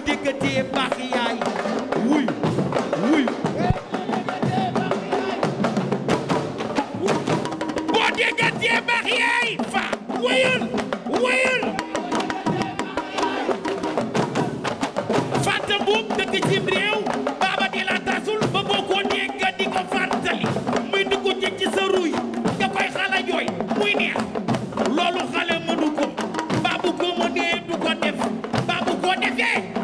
boo déggatee baax baax yaay fa wayul wayul fàtta buub dëkk cim baaba di la tasul ba boo ko dégga di ko fàttali muy dugg ci sa ruy nga koy xala muy neex loolu xale mënu baabu ko mënee du ko def baabu ko defee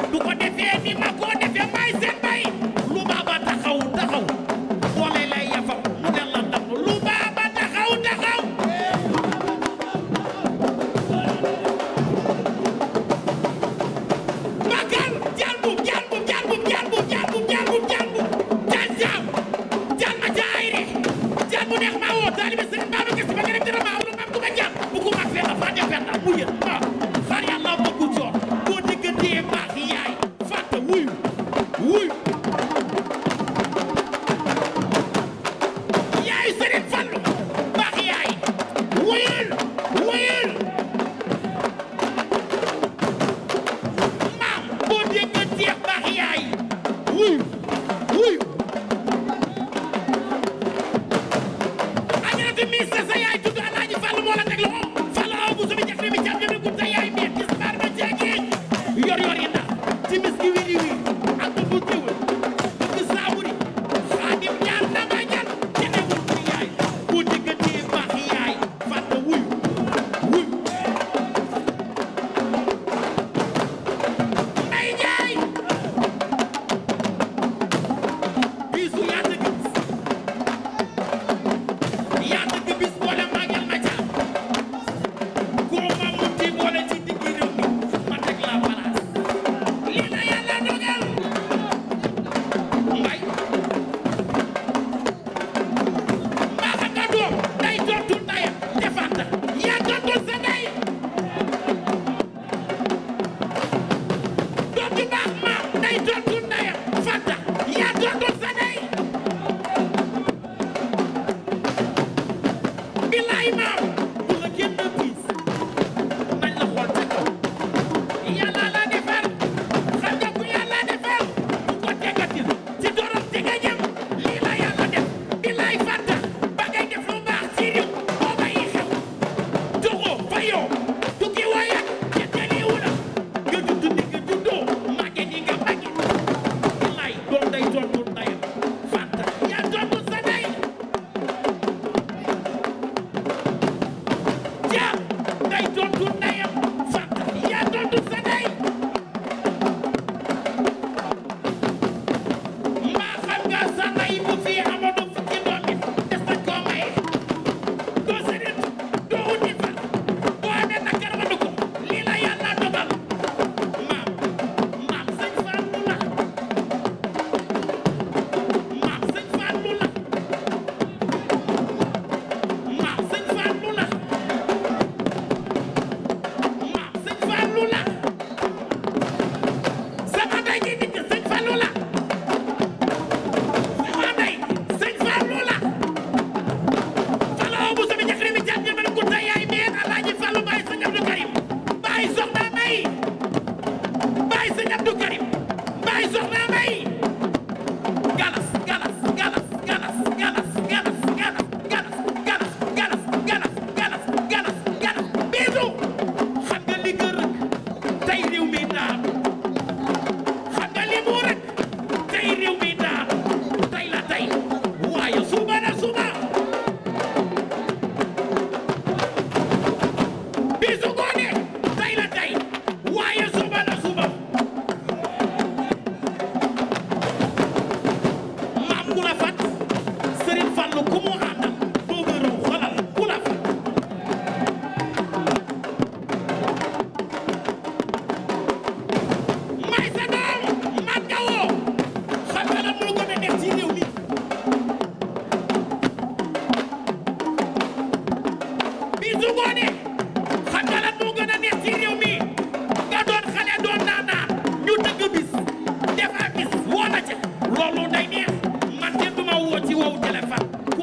gën a gudd te yaay miin gis nga arme jéegi yor-yor yi ndax timis gi Fall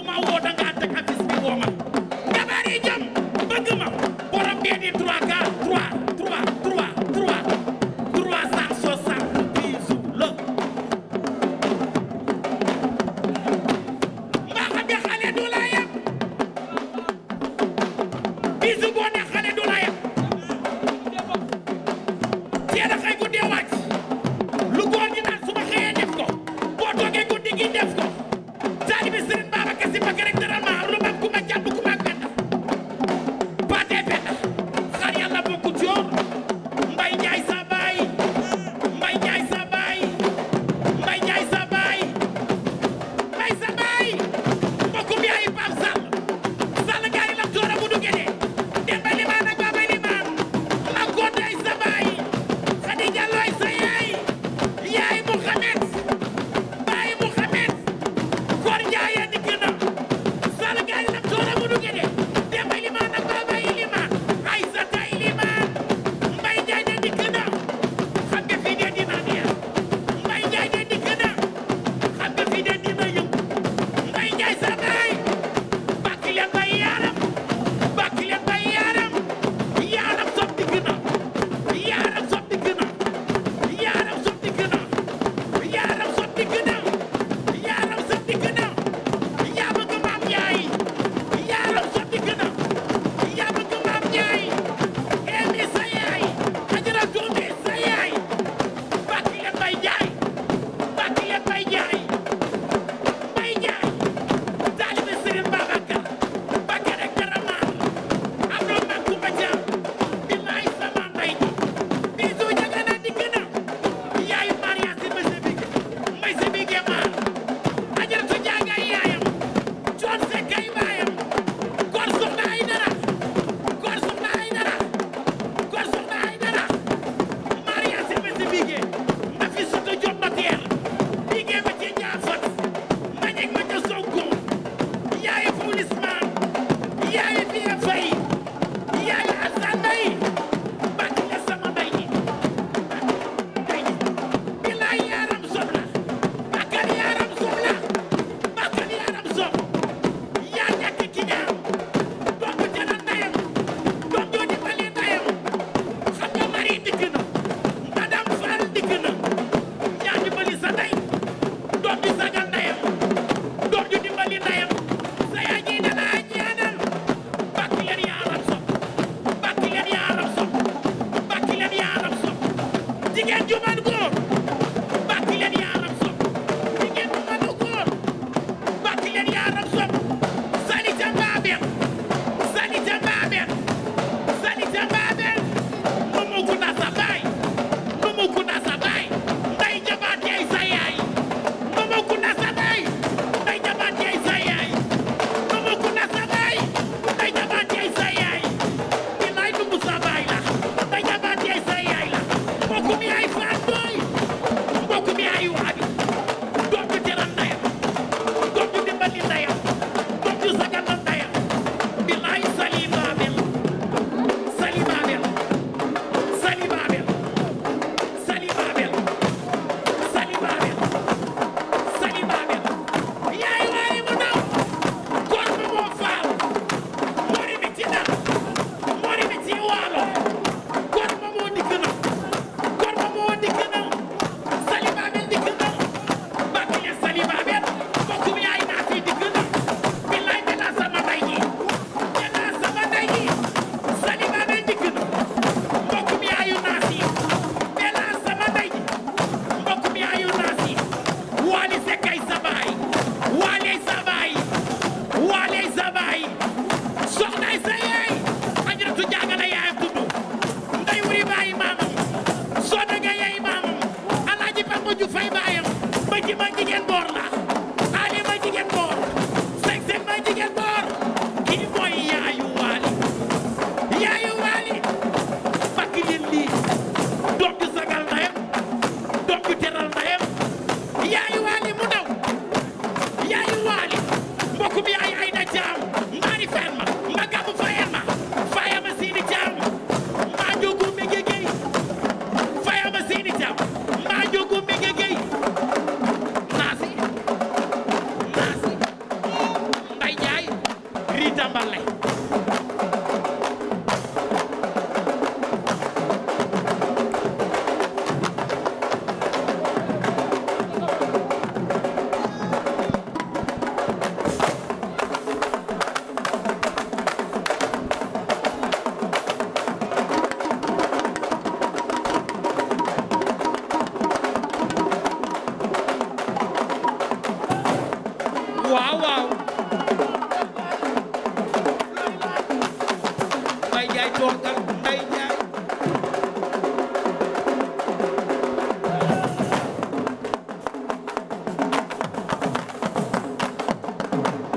Thank you.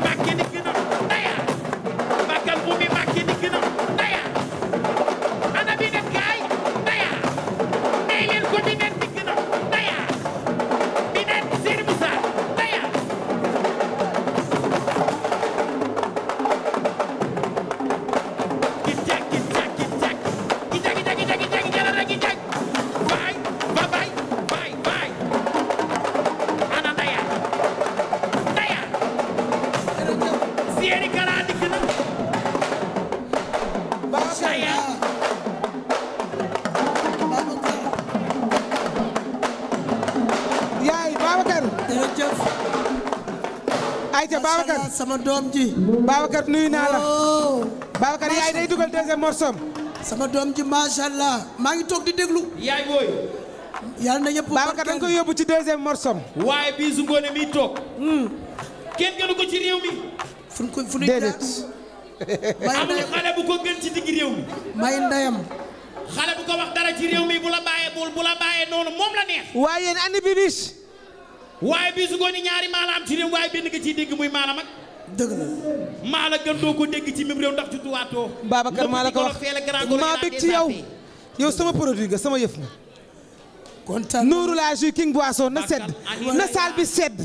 back in the sama doom ji. Babacar nuyu naa la. Oh. Babacar yaay day dugal deuxième morceau sama doom ji macha allah maa ngi toog di déglu. yaay booy. yàlla na ñëpp Babacar da nga yóbbu ci deuxième morsom waaye bii su ngoone mi toog. Hmm. kenn gënu ko ci réew mi. fu ko fu ñu déedéet. amul xale bu ko gën ci digg réew mi. may ndeyam. xale bu ko wax dara ci réew mi bu la bàyyee bu la noonu moom la neex. waaye yéen andi bibis. waaye bi su gooni ñaari maanaam ci réew waaye benn nga ciy dégg muy maanaam ak dëgg la maa la gën doo ko dégg ci même réew ndax ci tuwaatoo Babacar maa la ko wax maa bég ci yow yow sama produit nga sama yëf nga kontaan nuuru la jus king boisson na sedd na saal bi sedd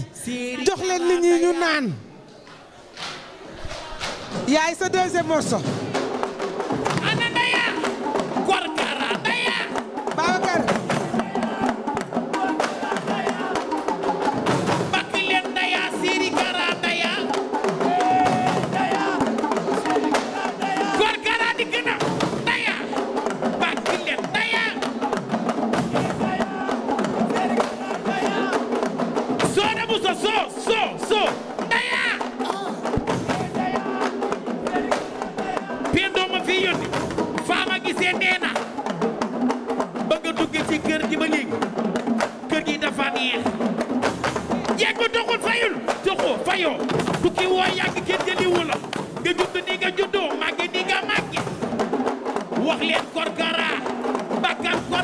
jox nit ñi ñu naan yaay sa deuxième morceau Moussa so so so ndaya ma fi yónni faama gisee nee na bëgg a dugg ci kër gi ba léegi kër gi dafa neex yegg doxul fayul joxoo fayoo tukki woo yàgg kenn jëliwu la nga judd ni juddoo màgge ni nga màgge wax leen korkara bakkan kor